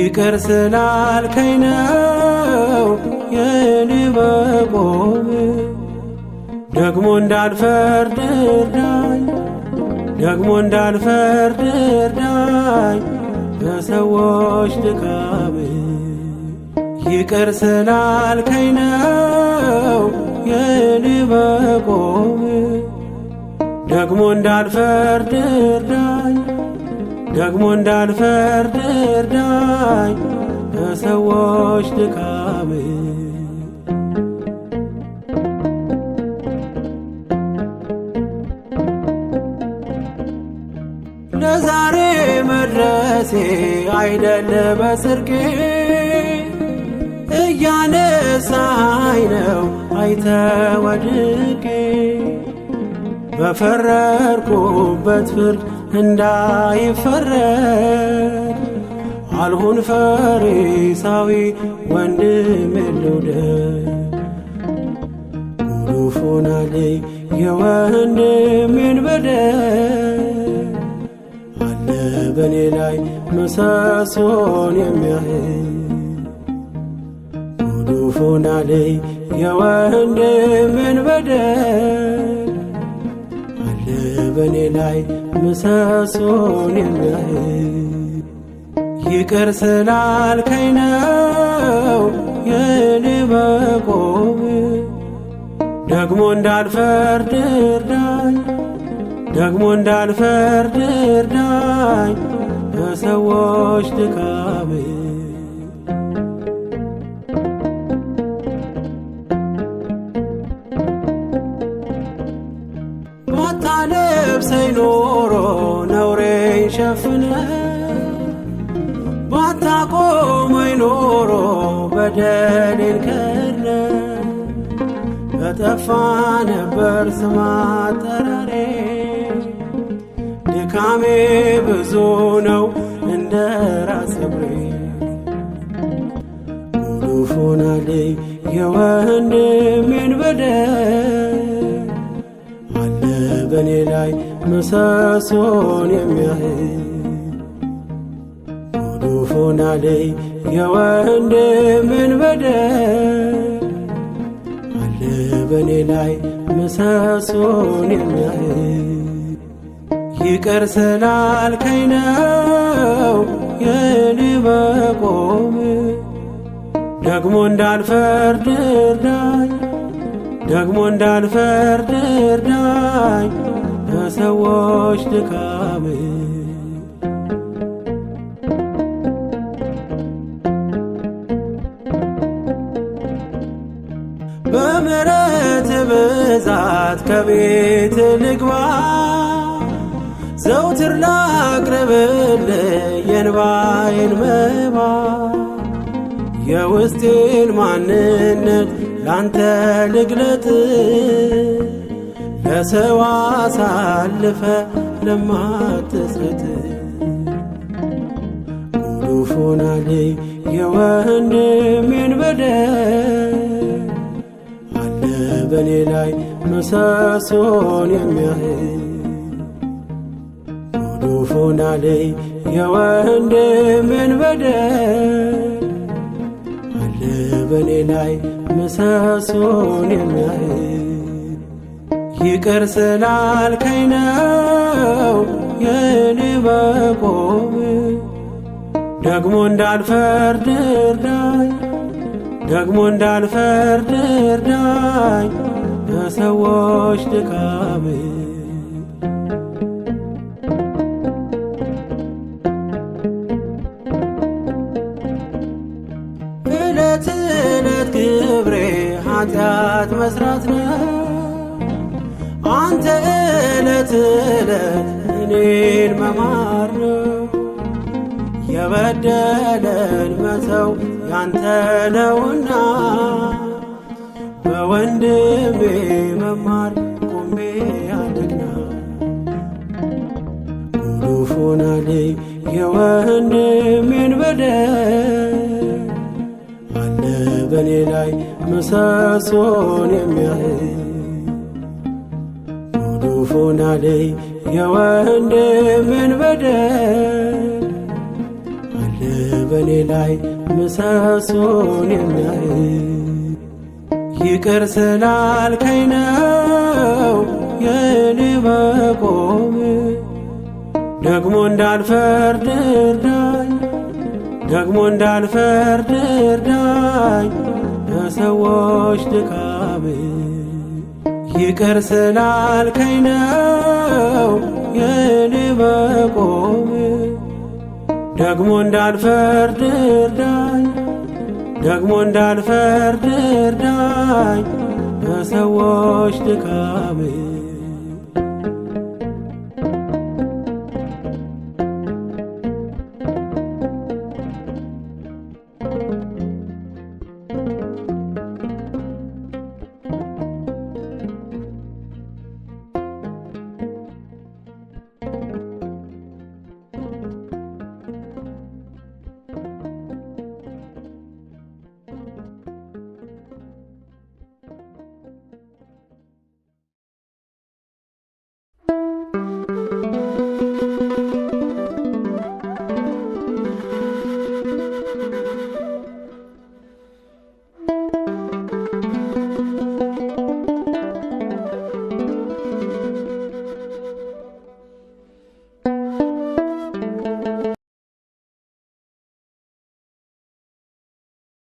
ይቅር ስላልከኝ ነው የኔ እንዳልፈርድ እርዳኝ፣ ደግሞ እንዳልፈርድ እርዳኝ። በሰዎች ድካም ይቅር ስላልከኝ ነው የኔ መቆም። ደግሞ እንዳልፈርድ እርዳኝ፣ ደግሞ እንዳልፈርድ እርዳኝ። በሰዎች ድካም አይደለ በጽርቄ እያነሳይ ነው አይተ ወድቄ በፈረድኩበት ፍርድ እንዳይፈረድ አልሁን ፈሪሳዊ ወንድሜ ልውደድ ጉዱፍ የወንድሜን በደል በእኔ ላይ ምሰሶን የሚያህል ጉዱፉን አለይ የወንድምን በደል አለ በእኔ ላይ ምሰሶን የሚያህል ይቅር ስላልከኝ ነው የኔ መቆም ደግሞ እንዳልፈርድ እርዳኝ ደግሞ እንዳልፈርድ እርዳኝ በሰዎች ድካሜ ባታለብሰኝ ኖሮ ነውሬን ሸፍነ ባታቆመኝ ኖሮ በደሌን ከድነ በጠፋ ነበር ስማ ጠራሬ ድካሜ ብዙ ነው እንደ ራሰብሬ ሙሉ ሆናለይ የወንድሜን በደል አለ በእኔ ላይ ምሰሶን የሚያህል ሙሉ ሆናለይ የወንድሜን በደል አለ በእኔ ላይ ምሰሶን የሚያህል ይቅር ስላልከኝ ነው የኔ መቆም። ደግሞ እንዳልፈርድ እርዳኝ፣ ደግሞ እንዳልፈርድ እርዳኝ በሰዎች ድካም በምረት ብዛት ከቤት ንግባ ዘውትር ላቅርብል የንባይን መባ የውስጤን ማንነት ላንተ ልግለጥ ለሰው አሳልፈ ለማትሰጥ ጉዱፎናል የወንድሜን በደል አለ በኔ ላይ ምሰሶን የሚያህል ክፉና ለይ የወንድምን በደል አለ በኔ ላይ ምሰሶን የሚያይ ይቅር ስላልከኝ ነው የኔ መቆም ደግሞ እንዳልፈርድ እርዳኝ ደግሞ እንዳልፈርድ እርዳኝ በሰዎች ድካም ኃጢአት መስራት ነው አንተ ዕለት ዕለት እኔን መማር ነው የበደለን መተው ያንተ ነውና በወንድሜ መማር ቁሜ ያደግና ጉዱፍ ሆናልኝ የወንድሜን በደል ምሰሶን የሚያይ ጉዱፎና ላይ የወንድምን በደል አለ በኔ ላይ ምሰሶን የሚያይ ይቅር ስላልከኝ ነው የኔ መቆም ደግሞ እንዳልፈርድ እርዳኝ ደግሞ እንዳልፈርድ እርዳኝ በሰዎች ድካም ይቅር ስላልከኝ ነው የኔ መቆም። ደግሞ እንዳልፈርድ እርዳኝ፣ ደግሞ እንዳልፈርድ እርዳኝ በሰዎች ድካም